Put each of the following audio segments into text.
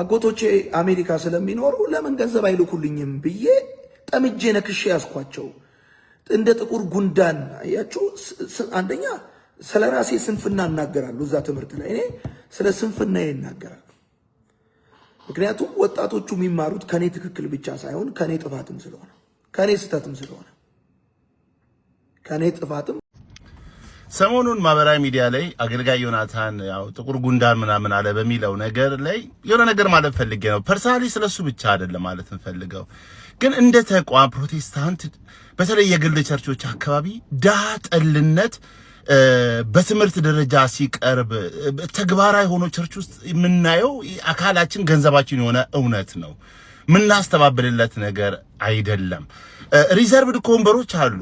አጎቶቼ አሜሪካ ስለሚኖሩ ለምን ገንዘብ አይልኩልኝም ብዬ ጠምጄ ነክሼ ያስኳቸው እንደ ጥቁር ጉንዳን አያችሁ። አንደኛ ስለ ራሴ ስንፍና እናገራሉ እዛ ትምህርት ላይ እኔ ስለ ስንፍና ይናገራሉ። ምክንያቱም ወጣቶቹ የሚማሩት ከኔ ትክክል ብቻ ሳይሆን ከኔ ጥፋትም ስለሆነ ከእኔ ስህተትም ስለሆነ ከእኔ ጥፋትም ሰሞኑን ማህበራዊ ሚዲያ ላይ አገልጋይ ዮናታን ያው ጥቁር ጉንዳን ምናምን አለ በሚለው ነገር ላይ የሆነ ነገር ማለት ፈልጌ ነው። ፐርሰናሊ ስለሱ ብቻ አይደለም ማለት እንፈልገው፣ ግን እንደ ተቋም ፕሮቴስታንት፣ በተለይ የግል ቸርቾች አካባቢ ድሃ ጠልነት በትምህርት ደረጃ ሲቀርብ ተግባራዊ ሆኖ ቸርች ውስጥ የምናየው አካላችን ገንዘባችን የሆነ እውነት ነው። ምናስተባብልለት ነገር አይደለም። ሪዘርቭድ ከወንበሮች አሉ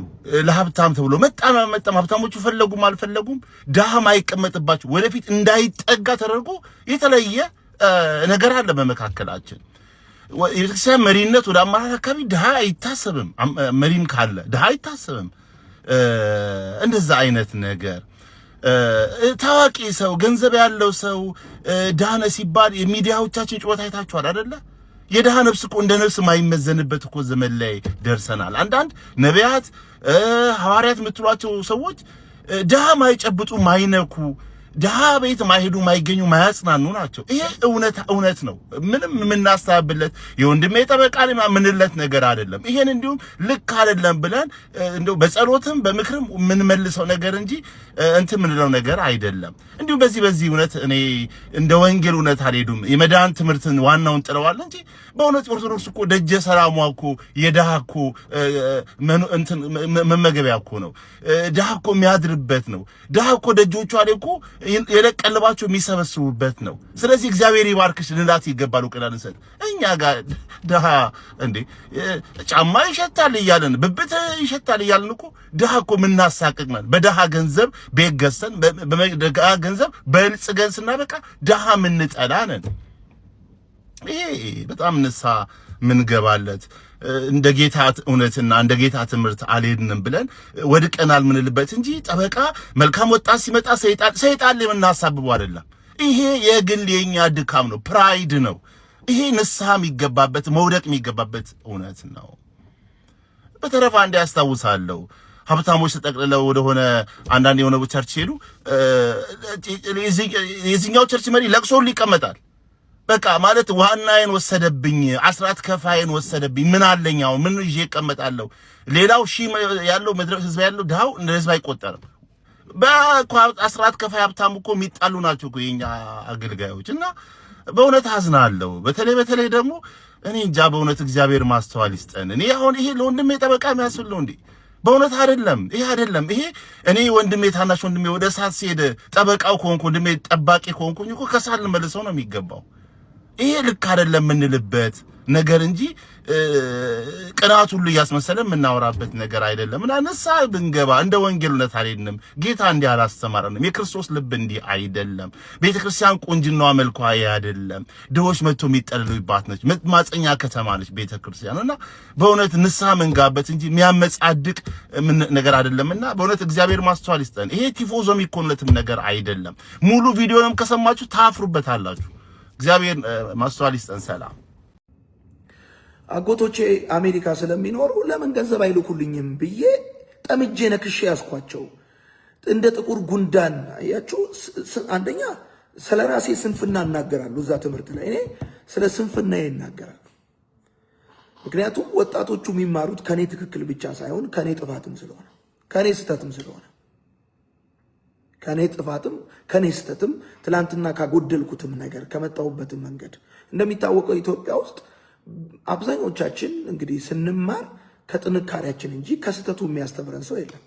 ለሀብታም ተብሎ መጣም መጣም ሀብታሞቹ ፈለጉም አልፈለጉም ድሃ አይቀመጥባቸው ወደፊት እንዳይጠጋ ተደርጎ የተለየ ነገር አለ በመካከላችን። የቤተክርስቲያን መሪነት ወደ አማራት አካባቢ ድሃ አይታሰብም። መሪም ካለ ድሃ አይታሰብም። እንደዛ አይነት ነገር ታዋቂ ሰው ገንዘብ ያለው ሰው ዳነ ሲባል የሚዲያዎቻችን ጨዋታ አይታችኋል አደለ? የድሃ ነፍስ እኮ እንደ ነፍስ የማይመዘንበት እኮ ዘመን ላይ ደርሰናል። አንዳንድ ነቢያት ሐዋርያት የምትሏቸው ሰዎች ድሃ ማይጨብጡ ማይነኩ ድሃ ቤት ማይሄዱ ማይገኙ ማያጽናኑ ናቸው። ይሄ እውነት እውነት ነው። ምንም የምናስተባብለት የወንድሜ ጠበቃ ምንለት ነገር አይደለም። ይሄን እንዲሁም ልክ አይደለም ብለን እንደው በጸሎትም በምክርም የምንመልሰው ነገር እንጂ እንትን የምንለው ነገር አይደለም። እንዲሁም በዚህ በዚህ እውነት እኔ እንደ ወንጌል እውነት አልሄዱም። የመዳን ትምህርትን ዋናውን ጥለዋል እንጂ በእውነት ኦርቶዶክስ እኮ ደጀ ሰላሟ እኮ የድሃ እኮ መመገቢያ እኮ ነው። ድሃ እኮ የሚያድርበት ነው። ድሃ እኮ ደጆቿ ላይ እኮ የደቀልባቸው የሚሰበስቡበት ነው። ስለዚህ እግዚአብሔር ይባርክሽ ልላት ይገባል። እውቅና ልንሰጥ እኛ ጋር ድሃ እንዴ ጫማ ይሸታል እያለን ብብት ይሸታል እያለን እኮ ድሃ እኮ የምናሳቅቅ ነን። በድሃ ገንዘብ ቤት ገዝተን በድሃ ገንዘብ በልጽገን ስናበቃ ድሃ የምንጠላ ነን። ይሄ በጣም ንሳ ምንገባለት እንደ ጌታ እውነትና እንደ ጌታ ትምህርት አልሄድንም ብለን ወድቀናል ምንልበት እንጂ ጠበቃ መልካም ወጣት ሲመጣ ሰይጣን የምናሳብበው አይደለም። ይሄ የግል የኛ ድካም ነው፣ ፕራይድ ነው። ይሄ ንስሐ የሚገባበት መውደቅ የሚገባበት እውነት ነው። በተረፈ አንድ ያስታውሳለሁ ሀብታሞች ተጠቅልለው ወደሆነ አንዳንድ የሆነ ቸርች ሄዱ። የዚኛው ቸርች መሪ ለቅሶ ይቀመጣል። በቃ ማለት ዋናዬን ወሰደብኝ፣ አስራት ከፋዬን ወሰደብኝ። ምን አለኝ አሁን? ምን ይዤ እቀመጣለሁ? ሌላው ሺ ያለው መድረክ ህዝብ ያለው ድሃው እንደ ህዝብ አይቆጠርም። በአስራት ከፋይ ሀብታም እኮ የሚጣሉ ናቸው እኮ የኛ አገልጋዮች። እና በእውነት አዝናለሁ። በተለይ በተለይ ደግሞ እኔ እንጃ በእውነት እግዚአብሔር ማስተዋል ይስጠን። እኔ አሁን ይሄ ለወንድሜ ጠበቃ የሚያስብለው እንዴ? በእውነት አይደለም፣ ይሄ አይደለም። ይሄ እኔ ወንድሜ ታናሽ ወንድሜ ወደ እሳት ሲሄድ ጠበቃው ከሆንኩ ወንድሜ ጠባቂ ከሆንኩኝ እኮ ከእሳት ልመልሰው ነው የሚገባው ይሄ ልክ አይደለም የምንልበት ነገር እንጂ ቅናት ሁሉ እያስመሰለ የምናወራበት ነገር አይደለም። እና ንስሐ ብንገባ እንደ ወንጌል እውነት አይደለም። ጌታ እንዲህ አላስተማረንም። የክርስቶስ ልብ እንዲህ አይደለም። ቤተ ክርስቲያን ቁንጅናዋ፣ መልኳ አይደለም። ድሆች መጥቶ የሚጠልሉባት ነች። ማጸኛ ከተማ ነች ቤተ ክርስቲያን እና በእውነት ንስሐ ምንጋበት እንጂ የሚያመጻድቅ ነገር አይደለም። እና በእውነት እግዚአብሔር ማስተዋል ይስጠን። ይሄ ቲፎዞ የሚኮንለትም ነገር አይደለም። ሙሉ ቪዲዮንም ከሰማችሁ ታፍሩበታላችሁ። እግዚአብሔር ማስተዋል ይስጠን። ሰላም አጎቶቼ አሜሪካ ስለሚኖሩ ለምን ገንዘብ አይልኩልኝም ብዬ ጠምጄ ነክሼ ያስኳቸው እንደ ጥቁር ጉንዳን አያችሁ። አንደኛ ስለ ራሴ ስንፍና እናገራሉ። እዛ ትምህርት ላይ እኔ ስለ ስንፍና ይናገራሉ። ምክንያቱም ወጣቶቹ የሚማሩት ከኔ ትክክል ብቻ ሳይሆን ከኔ ጥፋትም ስለሆነ ከኔ ስህተትም ስለሆነ ከእኔ ጥፋትም ከእኔ ስህተትም ትላንትና ካጎደልኩትም ነገር ከመጣሁበትም መንገድ እንደሚታወቀው ኢትዮጵያ ውስጥ አብዛኞቻችን እንግዲህ ስንማር ከጥንካሬያችን እንጂ ከስህተቱ የሚያስተምረን ሰው የለም።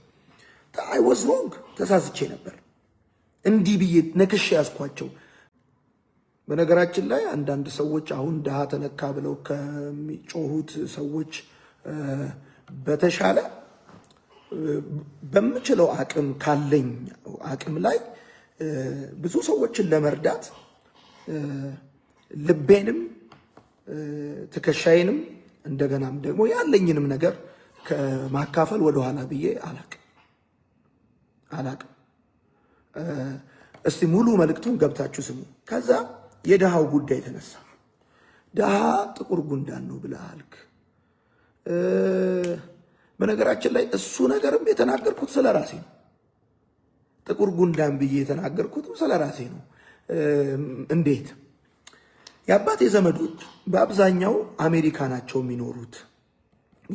አይ ወዝ ሮንግ ተሳስቼ ነበር እንዲህ ብዬ ነክሽ ያዝኳቸው። በነገራችን ላይ አንዳንድ ሰዎች አሁን ድሃ ተነካ ብለው ከሚጮሁት ሰዎች በተሻለ በምችለው አቅም ካለኝ አቅም ላይ ብዙ ሰዎችን ለመርዳት ልቤንም ትከሻዬንም እንደገናም ደግሞ ያለኝንም ነገር ከማካፈል ወደኋላ ብዬ አላቅም አላቅ። እስቲ ሙሉ መልእክቱን ገብታችሁ ስሙ። ከዛ የድሃው ጉዳይ ተነሳ። ድሃ ጥቁር ጉንዳን ነው ብለህ አልክ። በነገራችን ላይ እሱ ነገርም የተናገርኩት ስለ ራሴ ነው። ጥቁር ጉንዳን ብዬ የተናገርኩትም ስለ ራሴ ነው። እንዴት የአባቴ ዘመዶች በአብዛኛው አሜሪካ ናቸው የሚኖሩት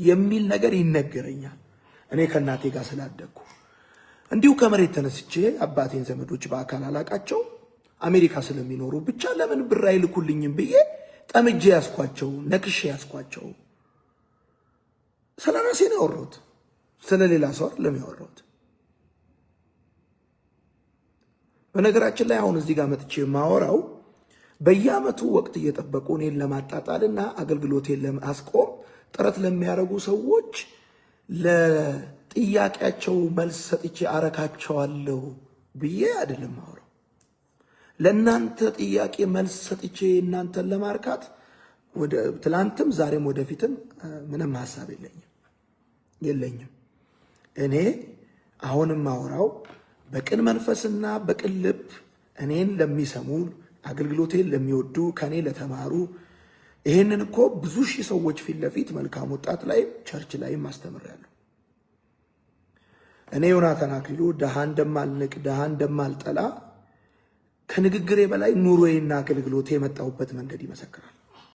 የሚል ነገር ይነገረኛል። እኔ ከእናቴ ጋር ስላደግኩ እንዲሁ ከመሬት ተነስቼ አባቴን ዘመዶች በአካል አላቃቸው አሜሪካ ስለሚኖሩ ብቻ ለምን ብር አይልኩልኝም ብዬ ጠምጄ ያስኳቸው፣ ነክሼ ያስኳቸው ስለ ራሴ ነው ያወራሁት፣ ስለ ሌላ ሰው አይደለም ያወራሁት። በነገራችን ላይ አሁን እዚህ ጋር መጥቼ የማወራው በየአመቱ ወቅት እየጠበቁ እኔን ለማጣጣልና አገልግሎቴን ለማስቆም ጥረት ለሚያደርጉ ሰዎች ለጥያቄያቸው መልስ ሰጥቼ አረካቸዋለሁ ብዬ አይደለም ማወራው። ለእናንተ ጥያቄ መልስ ሰጥቼ እናንተን ለማርካት ትላንትም ዛሬም ወደፊትም ምንም ሀሳብ የለኝም። የለኝም። እኔ አሁንም ማውራው በቅን መንፈስና በቅን ልብ እኔን ለሚሰሙ አገልግሎቴን ለሚወዱ ከኔ ለተማሩ ይህንን እኮ ብዙ ሺህ ሰዎች ፊት ለፊት መልካም ወጣት ላይ ቸርች ላይም አስተምሬያለሁ። እኔ ዮናታን አክሊሉ ድሃ እንደማልንቅ ድሃ እንደማልጠላ ከንግግሬ በላይ ኑሮዬና አገልግሎቴ የመጣሁበት መንገድ ይመሰክራል።